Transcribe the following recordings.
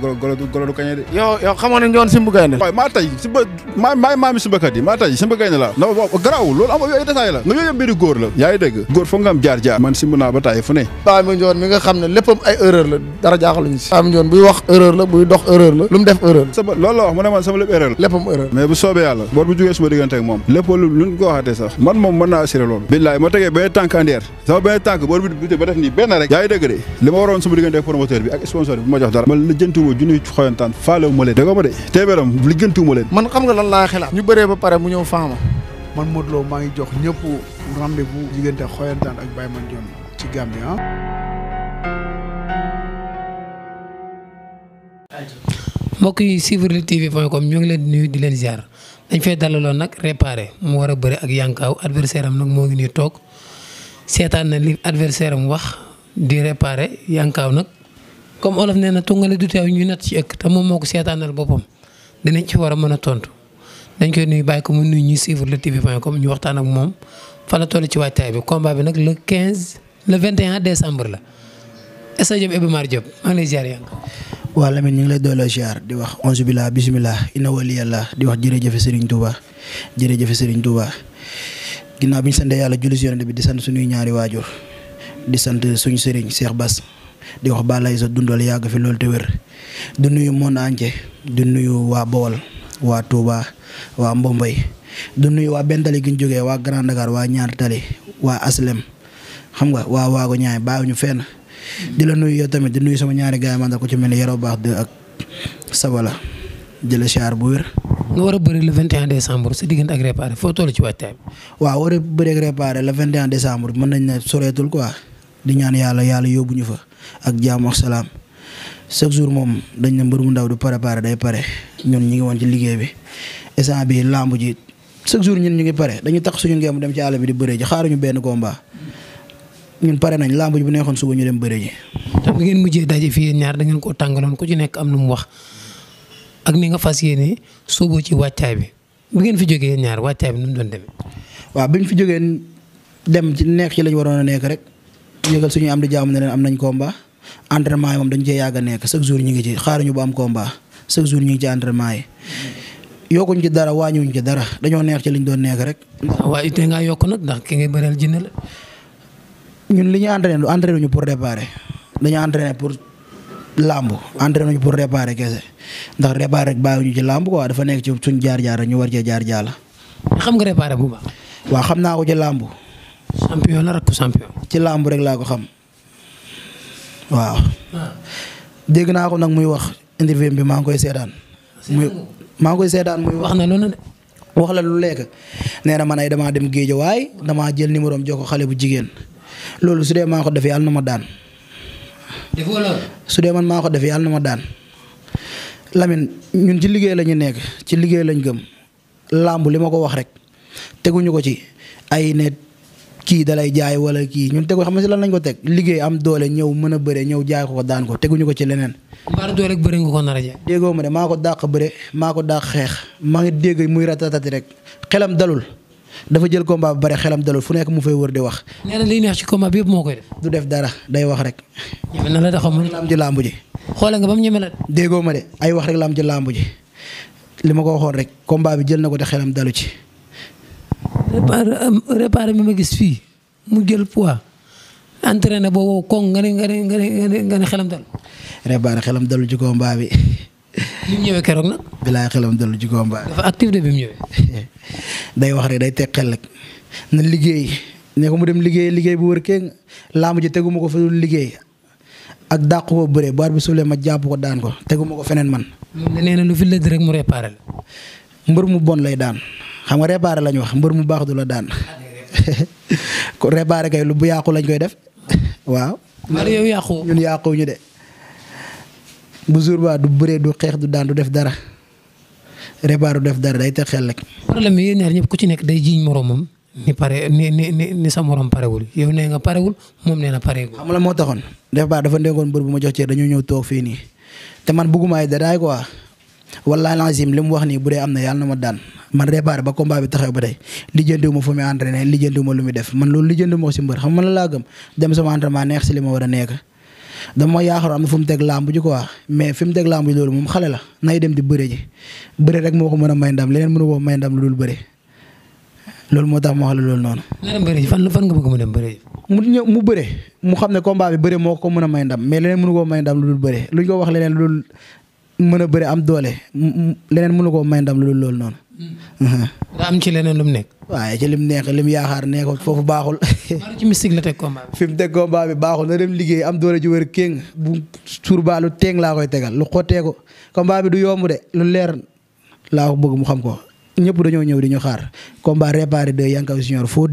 de golo golo golo du kañe de. yow yow xamoon nañu woon Simbu Gaynde. waaw maa tay Simba maa maa maami Simbakat yi maa tay Simba Gaynde la na garaaw loolu am ay détail la nga yooyu yëpp mbiri góor la am jaar jaar nga xam ne léppam ay erreur la dara jaaxaluñu si Baye Mandione buy wax erreur la buy dox erreur la lu mu def erreur loolu la mu ne sax man moom mën naa assuré loolu billaay ma tegee benn tànk andeer sama benn tànk bor bi ba def nii benn rek yaa ngi de li ma waroon suma diggante ak bi ak sponsor bi ma jox dara woo junniy xoyantaan faalewu ma leen xam nga lan laa ñu bëree ba pare mu ñëw faama man Modou maa ngi jox ñëpp rendez-vous diggante ah. yi suivre Lutte ñu ngi leen di nuyu di leen ziar dañ fay dalaloon nag réparé mu war a bëri ak yankaaw adversaire nag moo ngi nii toog seetaan na li adversaire wax di réparé yankaaw nag comme olof nee na tungale du teew ñu nat ci ëkk te moom moo ko seetaanal boppam dinañ ci war a mën a tontu dañ koy nuyu bàyyi ko mu nuyu ñuy suivre luttetv.com ñu waxtaan ak moom fa la toll ci waajtaay bi combat bi nag le 15 le 21 décembre la. stade Iba Mar Diop maa ngi lay ziar yaa waa Lamine ñu ngi lay dooleel ziar di wax onze billah bismillah inna waliyallah di wax jërëjëf Serigne Touba jërëjëf Serigne Touba ginnaaw bi ñu sant yàlla julli si yonent bi di sant suñuy ñaari waajur di sant suñu Serigne seex Bass. di wax Balla sa dundal yàgg fi loolu te wér di nuyu monde entier di nuyu waa Bawol waa Touba waa Mbombay di nuyu waa Bentali gi ñu jógee waa Grand Dakar waa Ñaar Tali waa Aslem xam nga waa waago ñaay bàyyiwuñu fen di la nuyu yow tamit di nuyu sama ñaari gaay man da ko ci mel ni yaroo baax de ak sabala di la siyaar bu wér. nga war a bëri le 21 décembre sa diggante foo toll ci waajtaay bi. waaw war a bëri la réparé le 21 décembre mën nañ ne soreetul quoi. di ñaan yàlla yàlla ñu fa ak jaamu ak salaam chaque jour moom dañ ne mbër mu ndaw du préparé day pare ñun ñu ngi woon ci liggéey bi instant bi lamb ji chaque jour ñun ñu ngi pare dañu tax suñu ngeen dem ci àll bi di bëree ji xaaruñu benn combat ñun pare nañ lamb bu neexoon suba ñu dem bëree ji. tam ngeen mujjee daje fii ñaar da ngeen koo tàngaloon ku ci nekk am lu mu wax ak ni nga fas yéene sóoboo ci wàccaay bi bu ngeen fi jógee ñaar wàccaay bi nu mu doon demee. waaw bi fi jógee dem ci nekk ci lañ waroon a nekk rek. yëgal suñu am di jàmm ne leen am nañ combat entraînement yi moom dañ cee yàgg nekk chaque jour ñu ngi ci xaaruñu ba am combat chaque jour ñu ngi ci entraînement yi. yokkuñ ci dara wàññiwuñ ci dara dañoo neex ci liñ doon nekk rek. waaye ittee ngaa yokk nag ndax ki ngay bëreel jinne la. ñun li ñu entraîné lu entraîné ñu pour réparer dañu entraîné pour làmb entraîné ñu pour réparer kese ndax réparer rek bàyyiwuñu ci làmb waa dafa nekk ci suñ jaar jaar rek ñu war cee jaar jaala. xam nga réparer bu baax. waaw xam naa ko ci làmb champion la rakku champion. ci làmbu rek laa ko xam waaw. dégg naa ko nag muy wax interview bi maa ngi koy seedaan. muy maa ngi koy seedaan muy wax na loolu de. wax la lu lekk nee na man ay damaa dem géej waaye dama jël numéro am jox ko xale bu jigéen loolu su dee maa ko defee yàlla na ma daan. defoo man maa ko yàlla na daan. Lamine ñun ci liggéey lañu nekk ci liggéey lañ gëm làmb li ma ko wax rek teguñu ko ci ay ne kii dalay jaay wala kii ñun tegu xam nga si lan nañ ko teg liggéey am doole ñëw mën a bëre ñëw jaay ko ko daan ko teguñu ko ci leneen. mbaar doole ak bëre nga ko nar a jaay. ma maa ko dàq bëre maa ko dàq xeex maa ngi dégg muy ratatati rek xelam dalul dafa jël combat bu bare xelam dalul fu nekk mu fay wër di wax. nee liy neex ci combat bi moo koy def. du def dara day wax rek. ñeme na la xamul am ci làmb ji. xoole nga ba mu ñeme la. déggoo ma de ay wax rek la am ci ji li ma ko waxoon rek combat bi jël na ko te xelam dalu ci réparé euh, réparé mi ma gis fii mu jël poids entraîné na wow koŋ nga ne nga ne nga ne nga ne xelam dal. réparé xelam dalu ci combat bi. li mu ñëwee keroog nag. bilaay xelam dalu ci combat bi. actif de bi ñëwee. day wax rek day teg xel na liggéey ne mu dem liggéey liggéey bu wër kee laamu ji teguma ko fa liggéey. ak dàq ko bëree baar bi suulee ma jàpp ko daan ko teguma ko feneen man. nee na lu fi lëdd rek mu réparé la. mbër mu bon lay daan. xam nga réparé lañu wax mbër mu baax du la daan ko kay lu bu yàqu lañ koy def waaw. wala yow yàqu ñun yàqu ñu de. bu jour ba du bëree du xeex du daan du def dara réparé du def dara day teg xel rek. problème yi yéen ñaar ñëpp ku ci nekk day jiiñ moom ni pare ni ni ni sa morom parewul yow nee nga parewul moom nee na pareegul. xam la moo taxoon def baax dafa ndénkoon mbër bu ma jox cee dañoo ñëw toog fii nii te man bëgguma ay daraay quoi. wallaahi la li mu wax nii bu dee am na yàlla ma daan man réparé ba combat bi taxaw ba tey lijjantiwu ma fu muy entraîné ma lu muy def man loolu lijjantiwu ma a nekk dama xale la nay dem di bëre ji bëre rek moo a ma wax la loolu noonu. leneen bëre ji fan fan nga bëgg mu dem bëre ji. mu ñëw mu bëre mu xam ne combat bi bëre moo a may ndam mais leneen mënu ko may ndam lu dul bëre luñ ko wax leneen lu mën a bëri am doole leneen mënu koo may ndam lu loolu noonu. daa am ci leneen lu mu nekk. waaye ci lim neex lim yaakaar neexul foofu baaxul. ci mystique la teg combat bi. fi mu teg combat bi baaxul na dem liggéey am doole ju wér kéng bu surbaalu teeng laa koy tegal lu xottee ko combat bi du yomb de lu leer laa ko bëgg mu xam ko ñëpp dañoo ñëw di ñu xaar combat réparé de Yankaw Junior foo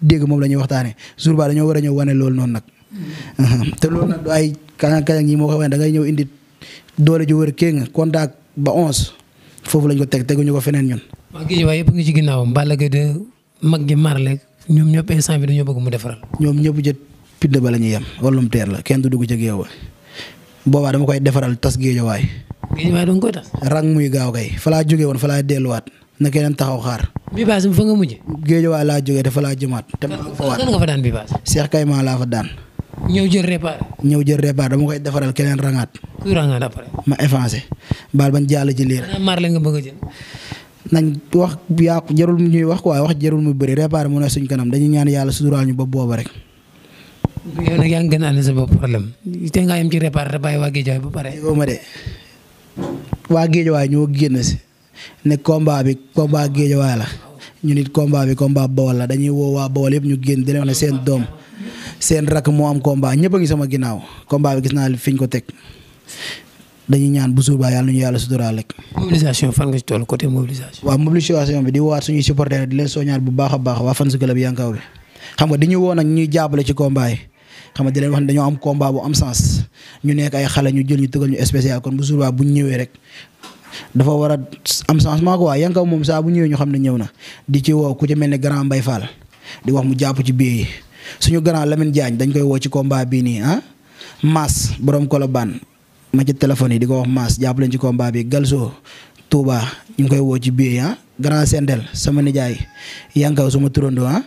dégg moom la ñuy waxtaanee surbaa dañoo war a ñëw wane loolu noonu nag. Mm. te loolu nag du ay kañ ak kañ doole ju wër kéng contact ba onze foofu lañ ko teg teguñu ko feneen ñun. waa Guédiawaye yëpp ngi ci ginnaawam Balla Gaye de mag gi marle ñoom ñëpp instant bi dañoo bëgg mu defaral. ñoom ñëpp jët pidd ba la ñuy yem wàllum teer la kenn du dugg ci géew ba boobaa koy defaral tas Guédiawaye. Guédiawaye danga koy tas. rang muy gaaw kay fa laa jógee woon fa laa delluwaat na keneen taxaw xaar. bi baas fa nga mujj. Guédiawaye laa jógee te fa laa jëmaat. te maa fa daan bi baas. Cheikh Kayma laa fa daan. ñëw jël réparé. ñëw jël réparé dama koy defaral keneen rangaat. kuy rangaat après. ma effacé baal bañ jàll ci lii rek. la nga bëgg a jël. nañ wax yaa jarul ñuy wax quoi wax jarul mu bëri réparé mu ne suñ kanam dañuy ñaan yàlla suturaal ñu ba booba rek. yow nag yaa ngi gën sa bopp problème te ngaa yem ci réparé te bàyyi waa Géejawaay ba pare. déggoo waa Géejawaay ñoo génn si ne combat bi combat Géejawaay la ñu nit combat bi combat Bawol la dañuy woo waa Bawol ñu génn di leen seen doom. seen rakk moo am combat ñëpp ngi sama ginnaaw combat bi gis naa fi ñu ko teg dañuy ñaan bu suur baa yàlla ñu yàlla suturaal rek. mobilisation fan nga ci toll côté mobilisation. waaw mobilisation bi di waat suñuy supporter bu baax a baax waa fan club xam nga di ñu woon ak ñuy jàppale ci combat yi xam nga di leen wax ne dañoo am combat bu am sens ñu nekk ay xale ñu jël ñu tëgal ñu spécial kon bu suur baa bu ñëwee rek. dafa war a am changement quoi Yankaw moom saa bu ñëwee ñu xam ne ñëw na di ci woo ku ci mel ne grand Mbaye Fall suñu grand Lamine Diagne dañ koy woo ci combat bii nii ah Mass borom ma ci téléphone yi di ko wax maas jàpp leen ci combat bi Galso Touba ñu ngi koy woo ci biir ah grand Sendel sama nijaay Yankaw sama turando ah,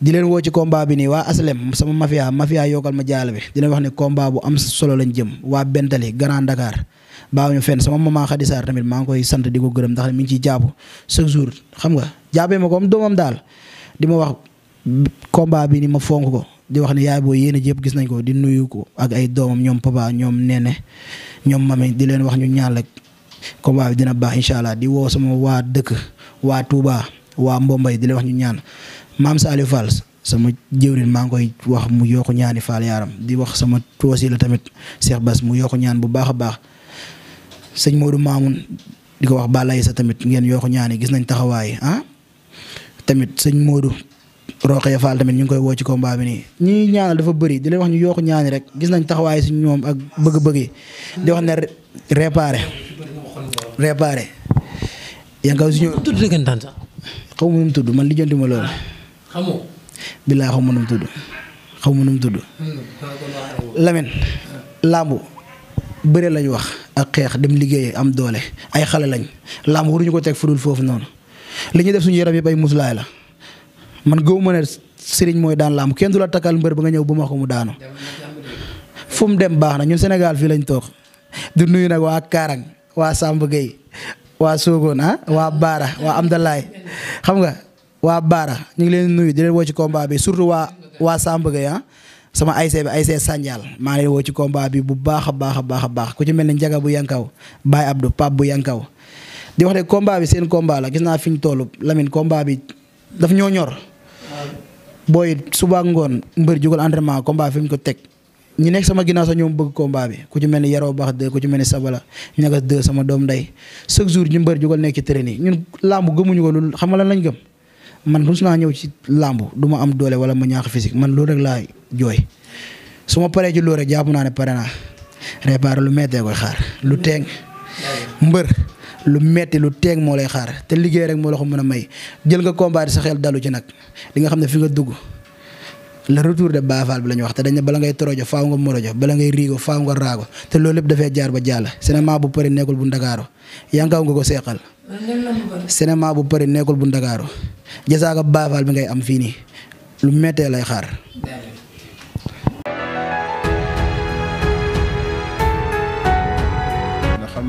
di leen woo ci combat bi nii waa aslem sama mafia mafia yokkal ma jaal bi di leen wax ne combat bu am solo lañ jëm waa Bentali Grand Dakar baaw ñu fenn sama maman Khady Sarr tamit maa ngi koy sant di ko gërëm ndax mi ngi ciy jàpp chaque jour xam nga combat bi ni ma fonk ko di wax ne yaay booy yéen yépp gis nañ ko di nuyu ko ak ay doomam ñoom papa ñoom nene ñoom mami di leen wax ñu ñaan rek combat bi dina baax incha allah di woo sama waa dëkk waa Touba waa Mbombay di wax ñu ñaan maam Saliou sama jëwrin maa ngi koy wax mu yokk ñaani faal yaaram di wax sama toosi la tamit Cheikh bas mu yokk ñaan bu baax a baax sëñ Modou Mamoun di ko wax Balaye sa tamit ngeen yokk ñaani gis nañ taxawaay ah tamit sëñ Modou Rokhaya Fall tamit ñu ngi koy woo ci combat bi nii ñi ñaanal dafa bëri di leen wax ñu yokku ñaani rek gis nañ taxawaay si ñoom ak bëgg-bëgg yi di wax ne réparé réparé yaa ngi kaw si ñoom tudd dëggantaan sax xaw ma nu mu tudd man lijjanti ma loolu xamoo tudd xaw ma nu tudd Lamine làmbu bëre lañ wax ak xeex dem liggéey am doole ay xale lañ làmb waruñu ko teg fudul foofu noonu li ñu def suñu yaram yëpp ay muslaay la man gëw ne sëriñ mooy daan laam kenn du takkal mbër ba nga ñëw bu ma ko mu daanu. fu mu dem baax na ñun Sénégal fii lañ toog du nuyu nag waa Kaarang waa Samb waa Sogone ah waa Baara waa Amdalaay xam nga waa Baara ñu ngi leen nuyu di leen woo ci combat bi surtout waa waa Samb Gueye ah. sama ayse bi ayse Sandial maa leen woo ci combat bi bu baax a baax a baax a baax ku ci mel ni Njaga bu yankaw baay Abdou Pape bu yankaw di wax de bi seen combat la gis naa fi ñu toll Lamine combat bi. daf ñoo ñor. booy suba ngoon mbër jugal entraînement combat fi mu ko teg. ñu nekk sama ginnaaw sax ñoom bëgg combat bi ku ci mel ni yaroo baax de ku ci mel ni sabala ñagas de sama doom nday chaque jour ñu mbër jugal nekk ci terrain yi ñun làmb gëmuñu ko loolu xam nga lan lañ gëm man rus naa ñëw ci làmb du ma am doole wala ma ñaax physique man loolu rek laa jooy su ma paree ci loolu rek jàpp naa ne pare naa réparé lu méttee koy xaar lu teeng mbër lu metti lu teeg moo lay xaar te liggéey rek moo la ko mën a may jël nga combat sa xel dalu ci nag li nga xam ne fi nga dugg le retour de baafaal bi la ñu wax te dañ ne bala ngay torojo faaw nga morojo bala ngay riigo faaw nga raago te loolu lépp dafay jaar ba jàll cinéma bu pare nekkul bu ndagaaro yankaaw nga ko seeqal cinéma bu pare nekkul bu ndagaaro jasaaga baafaal bi ngay am fii nii lu mettee lay xaar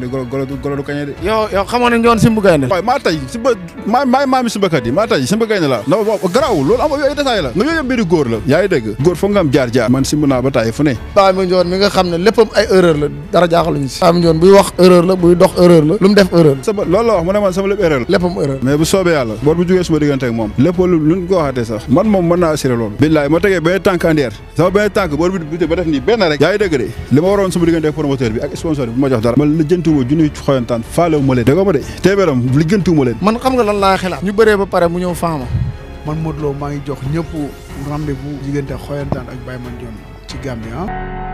xam golo golo du kañe de yow yow xamoon nañ ñoon simbu gaynde maa tay simba maa maa maami gaynde la na garaaw loolu am ay détail la nga yooyu yëpp mbiri góor la yaa ngi góor foog nga jaar jaar man simb naa ba tay fu ne Pami Ndione mi nga xam ne léppam ay erreur la dara jaaxaluñ si Pami Ndione buy wax erreur la buy dox erreur la lu mu def erreur loolu la mu ne man sama lépp erreur la sax man moom mën naa assuré loolu billaay ma tegee benn tànk andeer sama lijjantiwuma junniy xoyantaan faalewuma leen dégg nga ma de téeméeram lijjantiwuma leen man xam nga lan laa xelaat ñu bëree ba pare mu ñëw faama man Modou Lo maa ngi jox ñëpp rendez bu diggante xoyantaan ak Baye Mandione ci Gambie ah